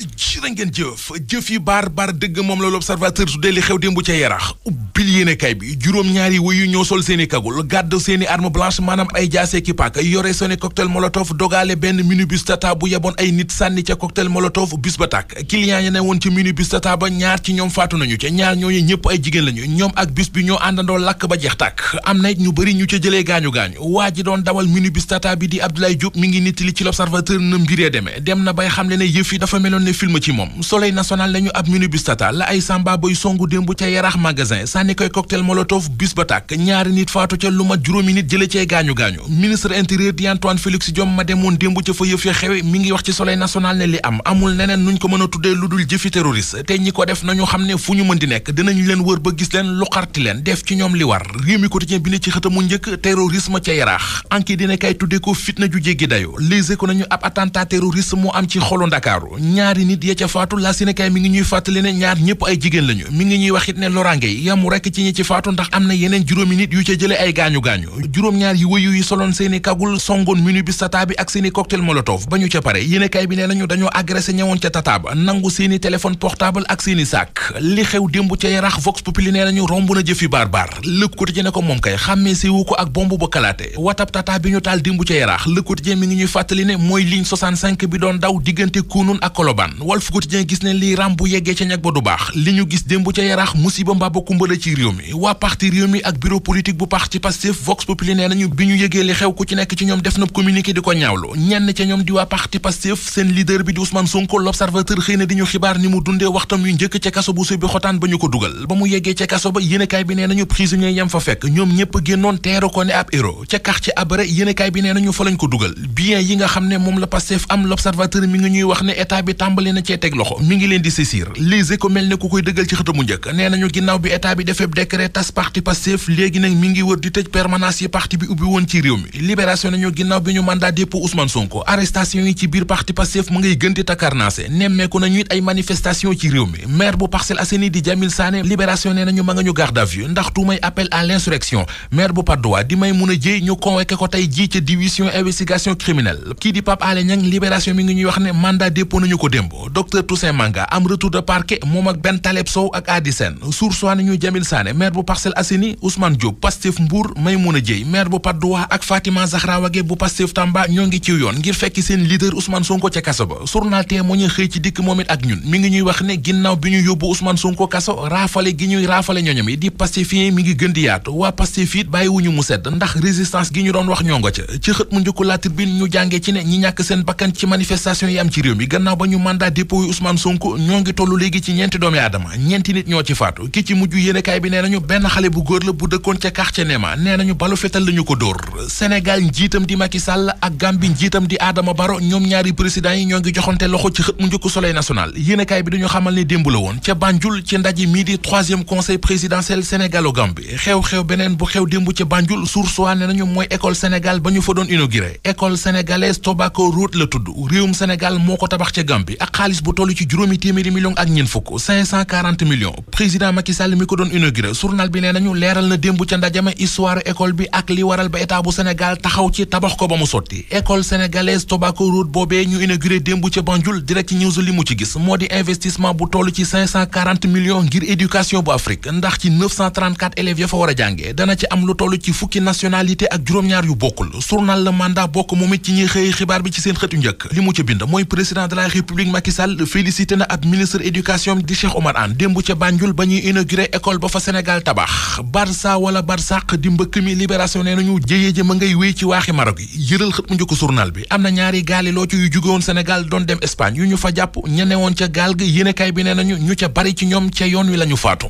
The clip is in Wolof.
jërë ngeen jëf jëf yi baar baar dëgg moom la l'observateur tuddee li xew démb ca yarax ubbil yéene kay bi juróom-ñaari wayu ñoo sol seen kagul gàdd seen arme blanche maanaam ay jaasee ki yore seen cocktail molotov dogaale benn minibus tata bu yeboon ay nit sànni ca cocktail molotov bis ba tàkk client yi ne woon ci minibus tata ba ñaar ci ñoom faatu nañu ca ñaar ñooñu ñëpp ay jigéen lañu ñoom ak bis bi ñoo àndandoo lakk ba jeex tàkk am na ñu ne film ci moom soleil national nañu ab minibus tata la ay samba boy songu démb ca yarax magasin sànni koy cocktail molotov bis ba tàkk ñaari nit faatu ca lu mat juróomi nit jële cee gaañu-gaañu ministre intérieur di Antoine Félix Diome ma demoon démb ca fa yëf ya xewe mi ngi wax ci soleil national ne li am amul neneen nuñ ko mën a lu dul jëfi terroriste te ñi ko def nañu xam ne fu ñu mën di nekk dinañu leen wër ba gis leen lu xarti leen def ci ñaari nit ya ca faatu la sinekaay mi ngi ñuy fàttali ne ñaar ñëpp ay jigéen lañu mi ngi ñuy wax ne loraange yi yamu rekk ci ñi ci faatu ndax am na yeneen juróomi nit yu ca jële ay gaañu-gaañu juróom-ñaar yi wëyu yi soloon seeni kagul songoon minu bi tata bi ak seeni cocktail molotov ba ñu ca pare yéenekaay bi nee nañu dañoo agressé ñëwoon ca tata nangu seeni téléphone portable ak seeni saak li xew démb ca yarax vox populi nee nañu romb na jëfi naan Walf Quotidien gis ne lii bu yeggee ca ñag ba du baax li ñu gis démb ca yaraax musiba mbaa ba kumbala ci réew mi waa parti réew mi ak bureau politique bu parti Pastef Vox Populi nee nañu bi ñu yëgee li xew ku ci nekk ci ñoom def na communiqué di ko ñaawlu ñenn ca ñoom di waa parti Pastef seen leader bi di Ousmane Sonko l'Observateur xëy na di ñu xibaar ni mu dundee waxtam yu njëkk ca kaso bu suy bi xotaan ba ñu ko dugal ba mu yeggee ca kaso ba yéenekaay bi nee nañu prisonnier yam bi yi nga xam ne moom la Pastef am l'Observateur mi ngi ñuy wax ne état bi tàmb tàmbali ngi leen di saisir Les Échos mel ne ku koy dëggal ci xëtamu njëkk nee nañu ginnaaw bi état bi defeb décret tas parti Pastef léegi nag mi ngi wër di tëj permanence yi parti bi ubbi woon ci réew mi libération nañu ginnaaw bi ñu mandat dépôt Ousmane Sonko arrestation yi ci biir parti Pastef mu ngay gën di takarnaase nemmeeku nañu it ay manifestation ci réew mi maire bu Parcelles Assainies di Jamil Sané libération nee nañu ma nga ñu garde à vue Dembo docteur Toussaint Manga am retour de parquet moom ak Ben Taleb Sow ak Adi Sène soursoit ni ñu Jamil Sané maire bu Parcelles Assainies Ousmane Diop Pastef Mbour Maymouna Dieye maire bu Patte d'Oie ak Fatima Zahra bu Pastef Tamba ñoo ngi ci yoon ngir fekki seen leader Ousmane Sonko ca kaso ba journal tee xëy ci dikk moom it ak ñun mi ngi ñuy wax ne ginnaaw bi ñu yóbbu Ousmane Sonko kaso raafale gi ñuy raafale ñoñom yi di Pastefien mu mandat dépôt yu Ousmane Sonko ñoo ngi toll léegi ci ñeenti doomi aadama ñeenti nit ñoo ci faatu ki ci mujj yéenekaay bi nee nañu benn xale bu góor la bu dëkkoon ca quartier Néma nee nañu balu fetal la ko dóor Sénégal njiitam di Macky Sall ak gambi njiitam di aadama Barrow ñoom ñaari président yi ñoo ngi joxante loxo ci xët mu njëkk Soleil national yéenekaay bi dañu xamal ne démb la woon ca Banjul ci ndaje mii di troisième conseil présidentiel sénégalo xew-xew beneen bu xew démb ca Banjul source waa ne nañu mooy école Sénégal ba ñu fa doon inauguré école sénégalaise Tobacco Road la tudd réewum Sénégal moo ko tabax ca Gambie ak xaalis bu toll ci juróomi téeméeri millions ak ñeent fukk 540 millions président Macky Sall mi ko doon inauguré journal bi nee nañu leeral na démb ca ndajama histoire école bi ak li waral ba état bu Sénégal taxaw ci tabax ko ba mu sotti école sénégalaise Tobacco Road boobee ñu inauguré démb ca Banjul direct news li mu ci gis moo di investissement bu toll ci 540 millions ngir éducation bu Afrique ndax ci 934 élèves ya fa war a jànge dana ci am lu toll ci fukki nationalité ak juróom-ñaar yu bokkul journal Le Mandat bokk moom it ci ñuy xibaar bi ci seen xëtu njëkk mu bind mooy président Serigne Macky Sall félicité na ak ministre éducation di Cheikh Omar Anne démb ca Banjul ba ñuy inauguré école ba fa Sénégal tabax Barça wala Barsaq di mbëkk mi libération nee nañu jëyee jë ma ngay wéy ci waaxi Maroc yi yëral xët mu ko journal bi am na ñaari gaali loo ci yu jóge woon Sénégal doon dem Espagne yu ñu fa jàpp ña woon ca gaal ga yéenekaay bi ne nañu ñu ca bari ci ñoom ca yoon wi la ñu faatu